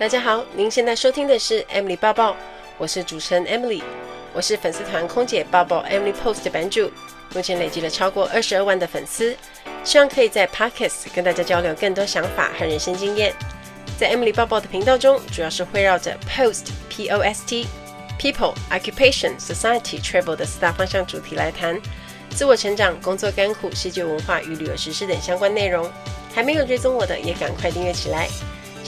大家好，您現在收聽的是 Emily 報報，我是主持人 Emily，我是粉絲團空姐報報 Emily Post 的版主，目前累積了超過二十二萬的粉絲，希望可以在 Podcast 跟大家交流更多想法和人生經驗。在 Emily 報報的頻道中，主要是圍繞著 Post P O S T People Occupation Society Travel 的四大方向主題來談，自我成長、工作甘苦、視覺文化與旅遊時事等相關內容。還沒有追蹤我的，也趕快訂閱起來。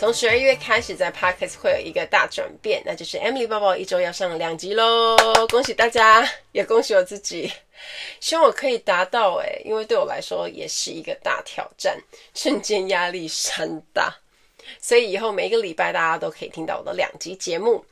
從十二月開始，在 p o r c e s t 會有一個大轉變，那就是 Emily 寶寶一周要上兩集嘍！恭喜大家，也恭喜我自己，希望我可以達到、欸、因為對我來說也是一個大挑戰，瞬間壓力山大，所以以後每一個禮拜大家都可以聽到我的兩集節目。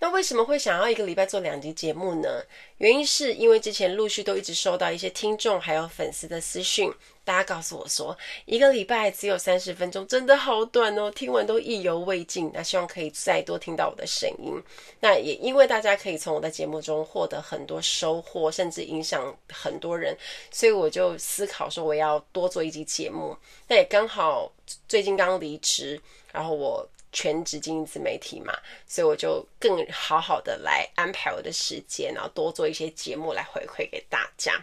那為什麼會想要一個禮拜做兩集節目呢？原因是因為之前陸續都一直收到一些聽眾還有粉絲的私訊。大家告訴我說，一個禮拜只有三十分鐘，真的好短哦，聽完都意猶未盡。那希望可以再多聽到我的聲音。那也因為大家可以從我的節目中獲得很多收穫，甚至影響很多人，所以我就思考說我要多做一集節目。那也剛好最近剛離職，然後我全職經營自媒體嘛，所以我就更好好的來安排我的時間，然後多做一些節目來回饋給大家。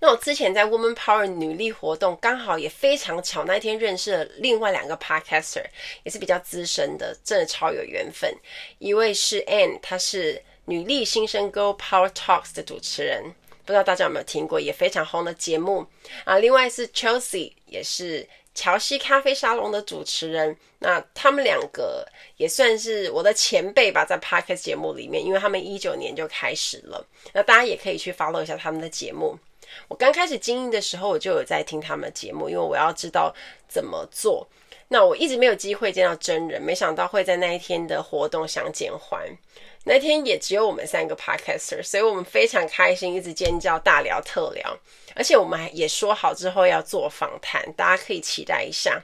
那我之前在 Woomanpower 女力活動，剛好也非常巧，那一天認識了另外兩個 podcaster，也是比較資深的，真的超有緣分。一位是 Ann，她是女力新生 Girl Power Talks 的主持人，不知道大家有沒有聽過，也非常紅的節目啊。另外是 Chelsea，也是喬西咖啡沙龍的主持人。那他們兩個也算是我的前輩吧，在 podcast 節目裡面，因為他們一九年就開始了。那大家也可以去 follow 一下他們的節目。我剛開始經營的時候，我就有在聽他們的節目，因為我要知道怎麼做。那我一直沒有機會見到真人，沒想到會在那一天的活動相見歡。那天也只有我們三個 podcaster，所以我們非常開心，一直尖叫大聊特聊，而且我們還也說好之後要做訪談，大家可以期待一下。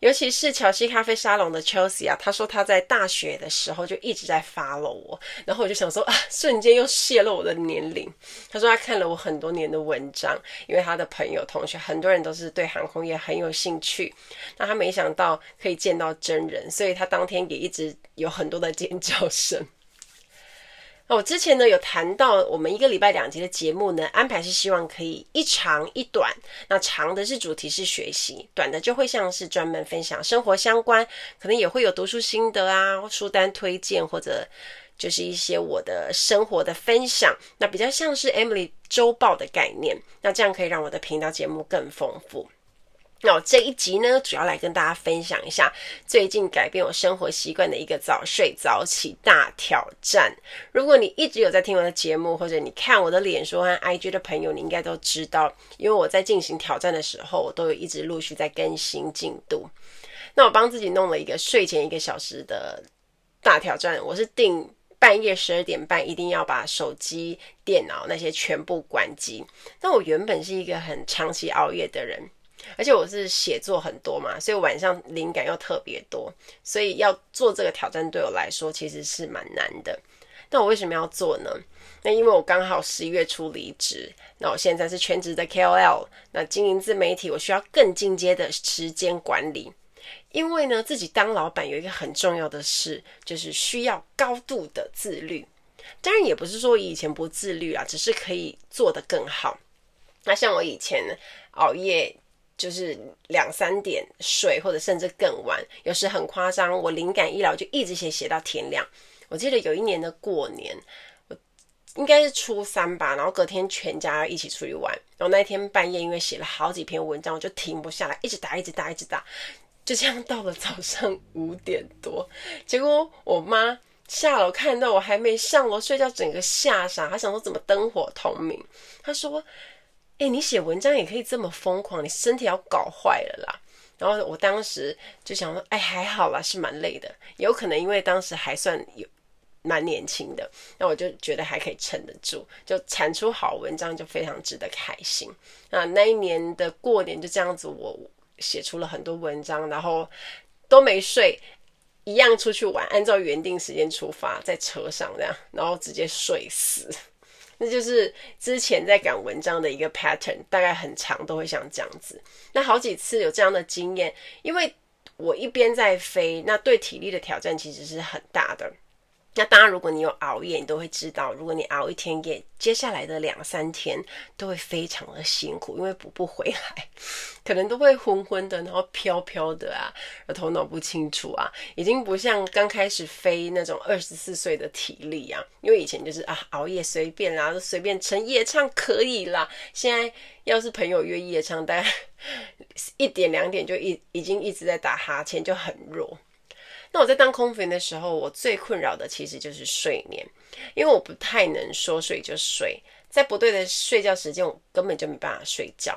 尤其是喬西咖啡沙龍的 Chelsea 啊，他說他在大學的時候就一直在 follow 我，然後我就想說啊，瞬間又洩露我的年齡。他說他看了我很多年的文章，因為他的朋友、同學很多人都是對航空業很有興趣，那他沒想到可以見到真人，所以他當天也一直有很多的尖叫聲。那、啊、我之前呢，有談到，我們一個禮拜兩集的節目呢，安排是希望可以一長一短。那長的是主題式學習，短的就會像是專門分享生活相關，可能也會有讀書心得啊、書單推薦，或者就是一些我的生活的分享。那比較像是 Emily 週報的概念，那這樣可以讓我的頻道節目更豐富。那、哦、這一集呢，主要來跟大家分享一下最近改變我生活習慣的一個早睡早起大挑戰。如果你一直有在聽我的節目，或者你看我的臉書和 IG 的朋友，你應該都知道，因為我在進行挑戰的時候，我都有一直陸續在更新進度。那我幫自己弄了一個睡前一個小時的大挑戰，我是定半夜十二點半一定要把手機、電腦那些全部關機。那我原本是一個很長期熬夜的人。而且我是寫作很多嘛，所以晚上靈感又特別多，所以要做這個挑戰，對我來說其實是蠻難的。那我為什麼要做呢？那因為我剛好十一月初離職，那我現在是全職的 KOL，那經營自媒體，我需要更進階的時間管理。因為呢，自己當老闆有一個很重要的事，就是需要高度的自律。當然，也不是說我以前不自律啊，只是可以做得更好。那像我以前熬夜。Oh yeah, 就是兩三點睡，或者甚至更晚，有時很誇張。我靈感一來，我就一直寫寫到天亮。我記得有一年的過年，我應該是初三吧，然後隔天全家要一起出去玩。然後那一天半夜，因為寫了好幾篇文章，我就停不下來，一直打，一直打，一直打，就這樣到了早上五點多。結果我媽下樓看到我還沒上樓睡覺，整個嚇傻，她想說怎麼燈火通明，她說。哎、欸，你寫文章也可以這麼瘋狂，你身體要搞壞了啦。然後我當時就想說，哎、欸，還好啦，是蠻累的，有可能因為當時還算有蠻年輕的，那我就覺得還可以撐得住，就產出好文章就非常值得開心。那那一年的過年就這樣子，我寫出了很多文章，然後都沒睡，一樣出去玩，按照原定時間出發，在車上這樣，然後直接睡死。那就是之前在趕文章的一個 pattern，大概很長都會像這樣子。那好幾次有這樣的經驗，因為我一邊在飛，那對體力的挑戰其實是很大的。那當然，如果你有熬夜，你都會知道，如果你熬一天夜，接下來的兩三天都會非常的辛苦，因為補不回來，可能都會昏昏的，然後飄飄的啊，頭腦不清楚啊，已經不像剛開始飛那種二十四歲的體力啊，因為以前就是啊熬夜隨便啦，隨便成夜唱可以啦，現在要是朋友約夜唱，大家一點兩點就一已經一直在打哈欠，就很弱。那我在當空服員的時候，我最困擾的其實就是睡眠，因為我不太能說睡就睡，在不對的睡覺時間，我根本就沒辦法睡覺。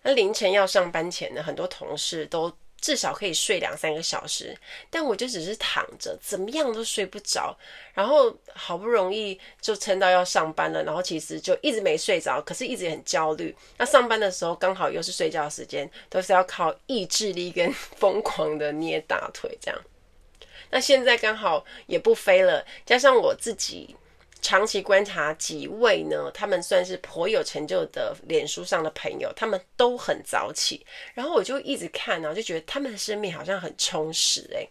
那凌晨要上班前呢，很多同事都至少可以睡兩三個小時，但我就只是躺着，怎麼樣都睡不着。然後好不容易就撐到要上班了，然後其實就一直沒睡着，可是一直很焦慮。那上班的時候剛好又是睡覺的時間，都是要靠意志力跟瘋狂的捏大腿這樣。那現在剛好也不飛了，加上我自己長期觀察幾位呢，他們算是頗有成就的臉書上的朋友，他們都很早起，然後我就一直看啊，然後就覺得他們的生命好像很充實欸。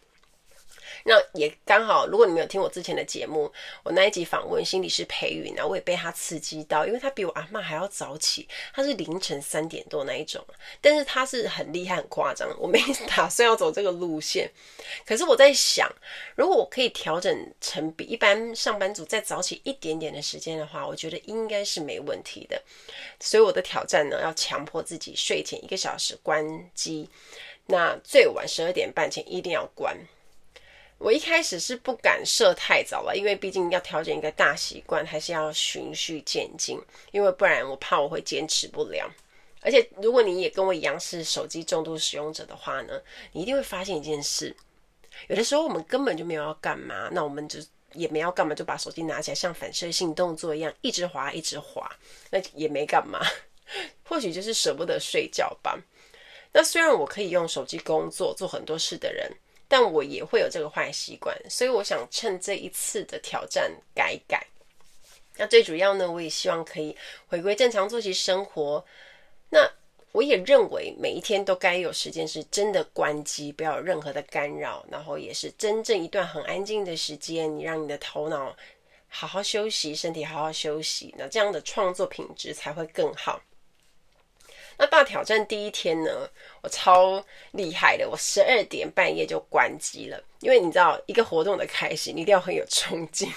那也剛好，如果你沒有聽我之前的節目，我那一集訪問心理師裴雲，然後我也被他刺激到，因為他比我阿嬤還要早起，他是凌晨三點多那一種。但是他是很厲害、很誇張，我沒打算要走這個路線。可是我在想，如果我可以調整成比一般上班族再早起一點點的時間的話，我覺得應該是沒問題的。所以我的挑戰呢，要強迫自己睡前一個小時關機，那最晚十二點半前一定要關。我一開始是不敢設太早了，因為畢竟要調整一個大習慣，還是要循序漸進。因為不然，我怕我會堅持不了。而且，如果你也跟我一樣是手機重度使用者的話呢，你一定會發現一件事：有的時候我們根本就沒有要幹嘛，那我們就也沒要幹嘛，就把手機拿起來，像反射性動作一樣，一直滑，一直滑，那也沒幹嘛。或許就是捨不得睡覺吧。那雖然我可以用手機工作，做很多事的人。但我也會有這個壞習慣，所以我想趁這一次的挑戰改一改。那最主要呢，我也希望可以回歸正常作息生活。那我也認為每一天都該有時間是真的關機，不要有任何的干擾，然後也是真正一段很安靜的時間，你讓你的頭腦好好休息，身體好好休息，那這樣的創作品質才會更好。那大挑戰第一天呢，我超厲害的，我十二點半夜就關機了，因為你知道一個活動的開始，你一定要很有衝勁，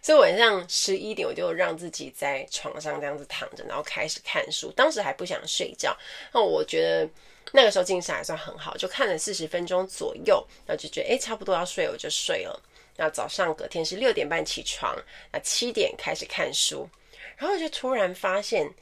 所以晚上十一點我就讓自己在床上這樣子躺着，然後開始看書，當時還不想睡覺，那我覺得那個時候精神還算很好，就看了四十分鐘左右，然後就覺得欸，差不多要睡，我就睡了。然後早上隔天是六點半起床，那七點開始看書，然後就突然發現。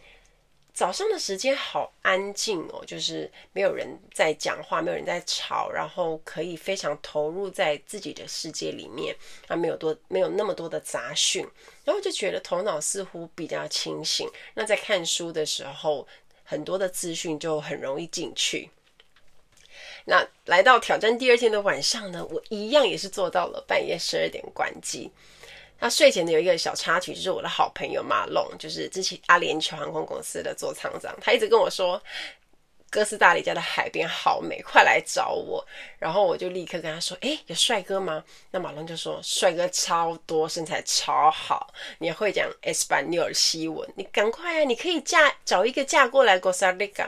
早上的時間好安靜哦，就是沒有人在講話，沒有人在吵，然後可以非常投入在自己的世界裡面，啊，沒有多沒有那麼多的雜訊，然後就覺得頭腦似乎比較清醒。那在看書的時候，很多的資訊就很容易進去。那來到挑戰第二天的晚上呢，我一樣也是做到了半夜十二點關機。那、啊、睡前呢，有一個小插曲，就是我的好朋友馬龍，就是之前阿聯酋航空公司的座艙長，他一直跟我說。哥斯達黎加的海邊好美，快來找我。然後我就立刻跟他說：“誒，有帥哥嗎？”那馬龍就說：“帥哥超多，身材超好，你會講西班牙語文？你趕快啊，你可以嫁找一個嫁過來哥斯達黎加。”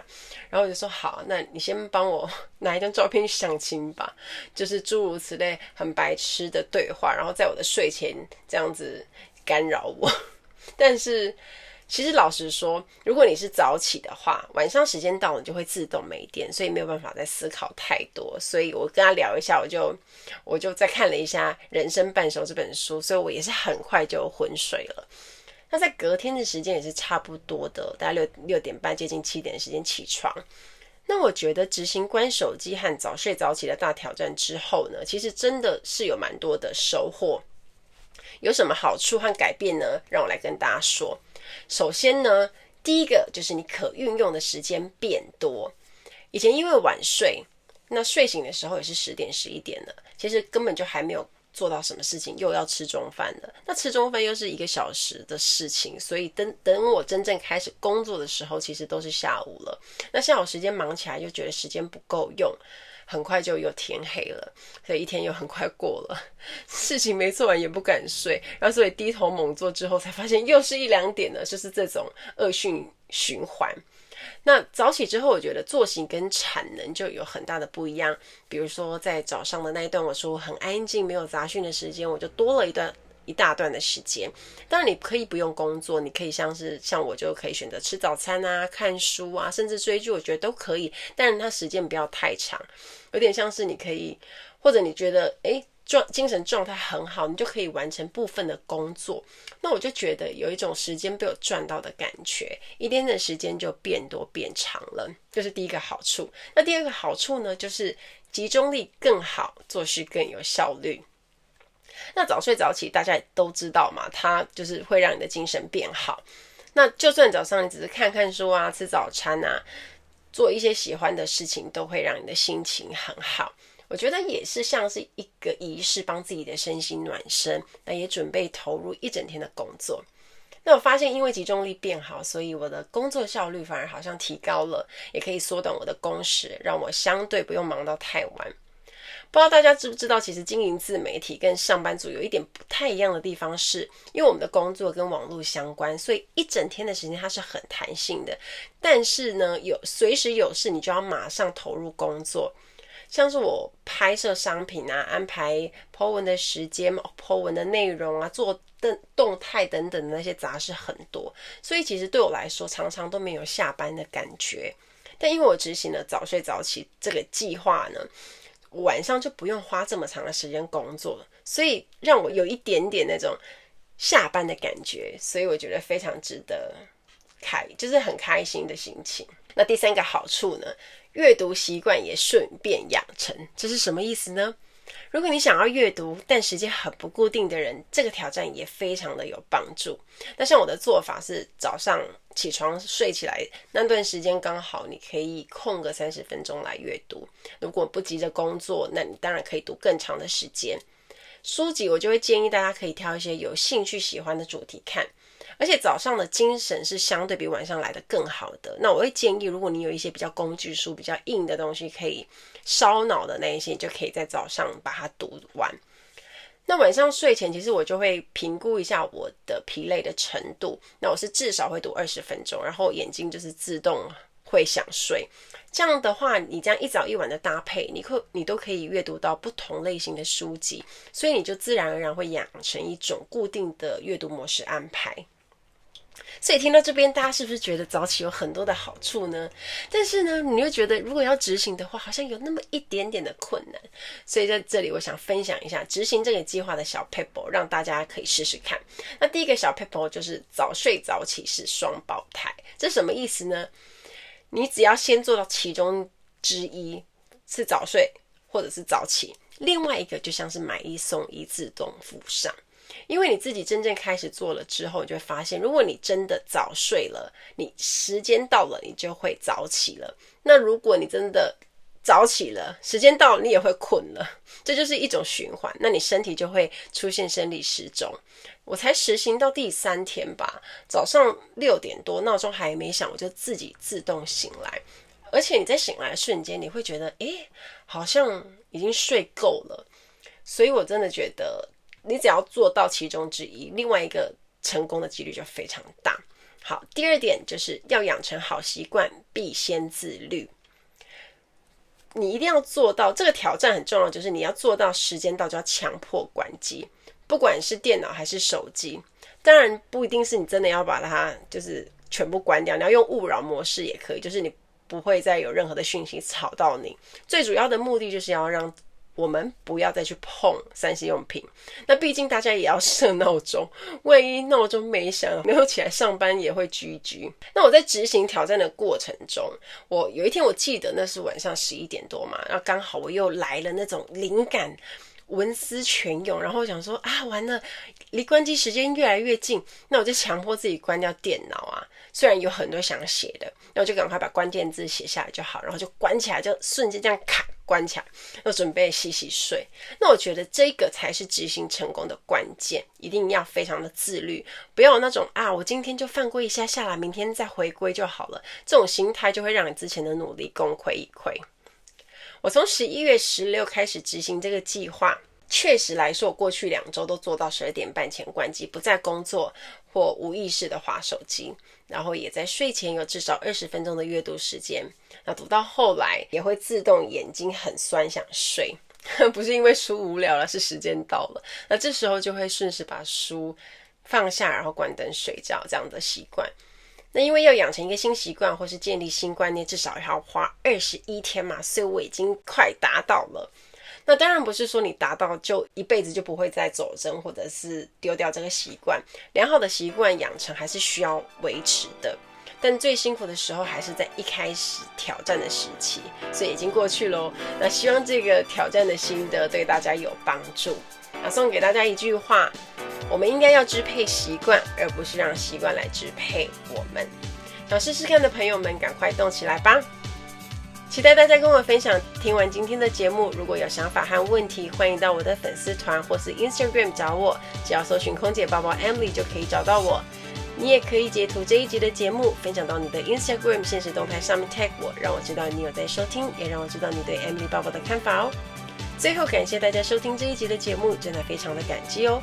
然後我就說：“好，那你先幫我拿一張照片去相親吧。”就是諸如此類很白痴的對話，然後在我的睡前這樣子干擾我。但是。其實老實說，如果你是早起的話，晚上時間到，你就會自動沒電，所以沒有辦法再思考太多。所以我跟他聊一下，我就我就再看了一下《人生半熟》這本書，所以我也是很快就昏睡了。那在隔天的時間也是差不多的，大概六六點半接近七點的時間起床。那我覺得執行關手機和早睡早起的大挑戰之後呢，其實真的是有蠻多的收穫。有什麼好處和改變呢？讓我來跟大家說。首先呢，第一個就是你可運用的時間變多。以前因為晚睡，那睡醒的時候也是十點十一點的，其實根本就還沒有做到什麼事情，又要吃中飯了。那吃中飯又是一個小時的事情，所以等等我真正開始工作的時候，其實都是下午了。那下午時間忙起來，又覺得時間不夠用。很快就又天黑了，所以一天又很快過了，事情沒做完也不敢睡，然後所以低頭猛做之後才發現又是一兩點了，就是這種惡性循環。那早起之後，我覺得作息跟產能就有很大的不一樣，比如說在早上的那一段，我說我很安靜，沒有雜訊的時間，我就多了一段。一大段的時間，當然你可以不用工作，你可以像是像我就可以選擇吃早餐啊、看書啊，甚至追劇，我覺得都可以。但是它時間不要太長，有點像是你可以，或者你覺得誒，狀、欸、精神狀態很好，你就可以完成部分的工作。那我就覺得有一種時間被我賺到的感覺，一天的時間就變多變長了，這、就是第一個好處。那第二個好處呢，就是集中力更好，做事更有效率。那早睡早起，大家也都知道嘛，它就是會讓你的精神變好。那就算早上你只是看看書啊、吃早餐啊、做一些喜歡的事情，都會讓你的心情很好。我覺得也是像是一個儀式，幫自己的身心暖身，那也準備投入一整天的工作。那我發現，因為集中力變好，所以我的工作效率反而好像提高了，也可以縮短我的工時，讓我相對不用忙到太晚。不知道大家知不知道，其實經營自媒體跟上班族有一點不太一樣的地方是，是因為我們的工作跟網絡相關，所以一整天的時間它是很彈性的。但是呢，有隨時有事，你就要馬上投入工作。像是我拍攝商品啊，安排 po 文的時間、po 文的內容啊，做動態等等的那些雜事很多，所以其實對我來說，常常都沒有下班的感覺。但因為我執行了早睡早起這個計劃呢。晚上就不用花這麼長的時間工作，所以讓我有一點點那種下班的感覺，所以我覺得非常值得開，就是很開心的心情。那第三個好處呢？閱讀習慣也順便養成，這是什麼意思呢？如果你想要閱讀，但時間很不固定的人，這個挑戰也非常的有幫助。那像我的做法是，早上起床睡起來那段時間剛好，你可以空個三十分鐘來閱讀。如果不急着工作，那你當然可以讀更長的時間。書籍我就會建議大家可以挑一些有興趣喜歡的主題看，而且早上的精神是相對比晚上來得更好的。那我會建議，如果你有一些比較工具書、比較硬的東西，可以。燒腦的那一些，你就可以在早上把它讀完。那晚上睡前，其實我就會評估一下我的疲累的程度。那我是至少會讀二十分鐘，然後眼睛就是自動會想睡。這樣的話，你這樣一早一晚的搭配，你可你都可以閱讀到不同類型的書籍，所以你就自然而然會養成一種固定的閱讀模式安排。所以聽到這邊，大家是不是覺得早起有很多的好處呢？但是呢，你又覺得如果要執行的話，好像有那麼一點點的困難。所以在這裡，我想分享一下執行這個計劃的小撇步，讓大家可以試試看。那第一個小撇步就是早睡早起是雙胞胎，這什麼意思呢？你只要先做到其中之一是早睡或者是早起，另外一個就像是買一送一，自動附上。因為你自己真正開始做了之後，你就會發現，如果你真的早睡了，你時間到了，你就會早起了。那如果你真的早起了，時間到了你也會睏了，這就是一種循環。那你身體就會出現生理時鐘。我才實行到第三天吧，早上六點多鬧鐘還沒響，我就自己自動醒來，而且你在醒來的瞬間，你會覺得，誒，好像已經睡夠了。所以我真的覺得。你只要做到其中之一，另外一個成功的幾率就非常大。好，第二點就是要養成好習慣，必先自律。你一定要做到這個挑戰很重要，就是你要做到時間到就要強迫關機，不管是電腦還是手機。當然不一定是你真的要把它就是全部關掉，你要用勿擾模式也可以，就是你不會再有任何的訊息吵到你。最主要的目的就是要讓。我們不要再去碰三 C 用品，那畢竟大家也要設鬧鐘，萬一鬧鐘沒響，沒有起來上班也會 GG。那我在執行挑戰的過程中，我有一天我記得那是晚上十一點多嘛，然後剛好我又來了那種靈感。文思泉湧，然後想說啊，完了，離關機時間越來越近，那我就強迫自己關掉電腦啊。雖然有很多想寫的，那我就趕快把關鍵字寫下來就好，然後就關起來，就瞬間這樣卡關起來，我準備洗洗睡。那我覺得這個才是執行成功的關鍵，一定要非常的自律，不要有那種啊，我今天就犯規一下下來，明天再回歸就好了，這種心態就會讓你之前的努力功虧一簣。我從十一月十六開始執行這個計劃，確實來說，我過去兩周都做到十二點半前關機，不再工作或無意識的滑手機，然後也在睡前有至少二十分鐘的閱讀時間。那讀到後來也會自動眼睛很酸想睡， 不是因為書無聊了，是時間到了。那這時候就會順勢把書放下，然後關燈睡覺，這樣的習慣。那因為要養成一個新習慣，或是建立新觀念，至少要花二十一天嘛，所以我已經快達到了。那當然不是說你達到就一輩子就不會再走針，或者是丟掉這個習慣。良好的習慣養成還是需要維持的，但最辛苦的時候還是在一開始挑戰的時期，所以已經過去咯。那希望這個挑戰的心得對大家有幫助。那送給大家一句話。我們應該要支配習慣，而不是讓習慣來支配我們。想試試看的朋友們，趕快動起來吧！期待大家跟我分享。聽完今天的節目，如果有想法和問題，歡迎到我的粉絲團或是 Instagram 找我，只要搜尋空姐報報 Emily 就可以找到我。你也可以截圖這一集的節目，分享到你的 Instagram 現實動態上面 tag 我，讓我知道你有在收聽，也讓我知道你對 Emily 報報的看法哦。最後，感謝大家收聽這一集的節目，真的非常的感激哦。